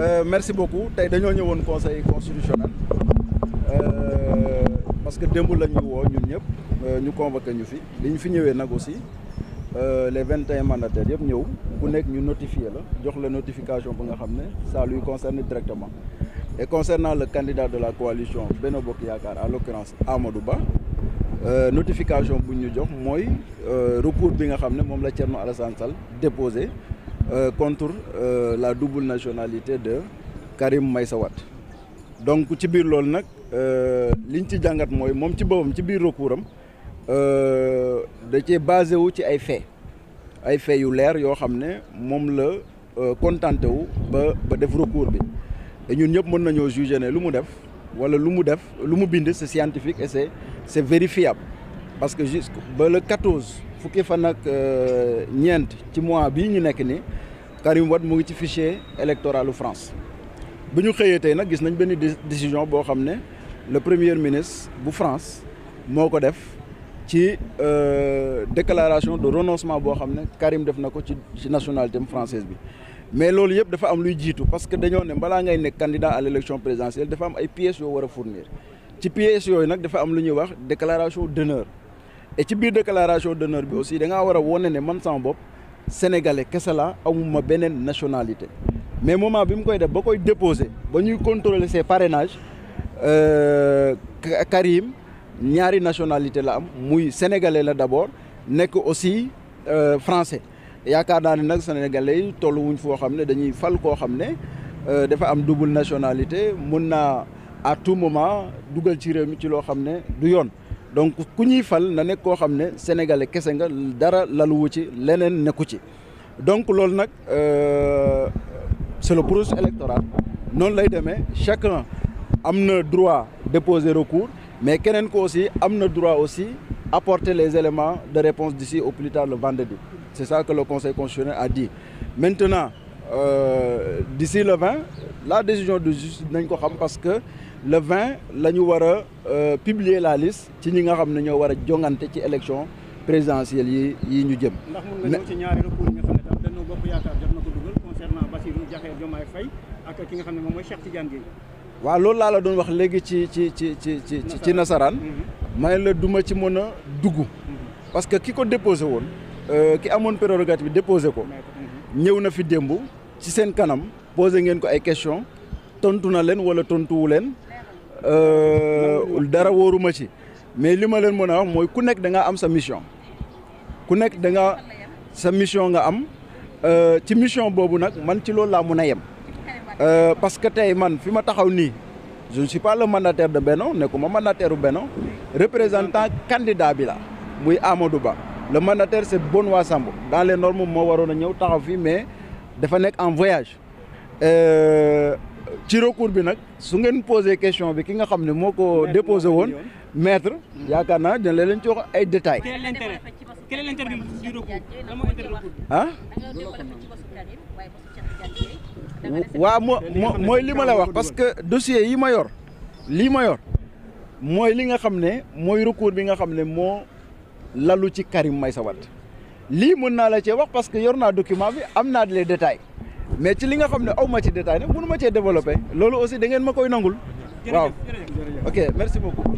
Euh, merci beaucoup tey dañoo ñëwoon conseil constitutionnel euh, parce que démb la woo ñun ñëpp euh, ñu convoqué ñu fi li ñu fi ñëwee nag aussi les vingt et un yëpp ñëw bu nekk ñu notifié la jox la notification bu nga xam ne ça lui concerne directement et concernant le candidat de la coalition benn Bokk Yaakaar à l'occurrence Amadou Ba notification bu ñu jox mooy recours bi nga xam ne moom la Thierno Alassane Sall déposé Euh, contre euh, la double nationalité de Karim Meïssa Wade donc ci biir loolu nag euh, liñ ci jàngat mooy moom ci boppam ci biir recours am da cee basé wu ci ay faits ay faits yu leer yoo xam ne moom la contenté wu ba ba def recours bi et ñun ñëpp mën nañoo juger ne lu mu def wala lu mu def lu mu bind c'est scientifique et c'est c'est vérifiable parce que jusque ba le 14 fukki fan ak ñeent ci mois bii ñu nekk nii Karim Wade mu ngi ci fichier électoralu France bu ñu xëyee tey nag gis nañ benn décision boo xam ne le première ministre bu France moo ko def ci euh, déclaration de renoncement boo xam ne Karim def na ko ci ci nationalité française bi mais loolu yëpp dafa am luy jiitu parce que dañoo ne balaa ngay nekk candidat à l' présidentielle dafa am ay pièces yoo war a fournir ci pièces yooyu nag dafa am lu ñuy wax déclaration d' honneur et ci biir déclaration d' honneur bi aussi da war a wone ne man sama bopp sénégalais kese la amuma beneen nationalité mais moment bi mu koy def ba koy déposé ba ñuy contrôler ses parrainages euh, Karim ñaari nationalité la am muy sénégalais la d'abord nekk aussi euh, français yaakaar naa ne nag sénégalais yi tollu wuñ foo xam ne dañuy fal koo xam ne euh, dafa am double nationalité mun naa à tout moment dugal ci réew mi ci loo xam ne du yoon donc ku ñuy fal na nekk koo xam ne sénégalais kese nga dara lalwu ci leneen nekku ci donc loolu nag euh, c'est le processus électoral noonu lay demee chacun am na droit déposer recours mais keneen ko aussi am na droit aussi apporter les éléments de réponse d'ici au plus tard le vendredi c'est ça que le conseil constitutionnel a dit maintenant Euh, d'ici le 20 la décision de justice nañ ko xam parce que le 20 la ñu war a euh, publier la liste ci ñi nga xam ne ñoo war a jongante ci élection présidentielle yi yi ñu jëm. ndax mun ci ñaari recours yi nga xam ne tam Benno Bokk Yaakaar jox na ko dugal concernant Bassirou xam ne moom mooy Cheikh Tidiane Guèye. waaw loolu laa la doon wax léegi ci ci ci ci ci ci nasaraan. Mhm. may la duma ci mën a dugg. Mhm. parce que ki ko déposé woon. Euh, ki amoon prérogative bi déposé ko. Mhm. ñëw na fi démb. ci seen kanam posé ngeen ko ay question tontu na leen wala tontuwu leen euh, dara wóoruma ci mais li ma leen mën a wax mooy ku nekk da nga am sa mission ku nekk da nga sa mission nga am euh, ci mission boobu nag man ci loolu laa mun a yem euh, parce que tey man fi ma taxaw nii je ne suis pas le mandataire de Benno nekkuma mandataire u Benno représentant candidat bi la muy Amadou Ba le mandataire c'est Benoît Sambou dans les normes moo waroon a ñëw taxaw fii mais dafa nekk en voyage euh, ci recours bi nag su ngeen posé question bi ki nga xam ne moo ko déposé woon maître yaakaar naa dina leen ci wax ay détails ah waaw moo moo mooy li ma la wax parce que dossier yi ma yor lii ma mooy li nga xam ne mooy recours bi nga xam ne moo lalu ci Karim may Wade lii mën naa la cee wax parce que yor naa document bi am naa les détails mais ci li nga xam ne aw ma ci détail nag mënu ma cee développé loolu aussi da ngeen ma koy nangul waaw ok merci beaucoup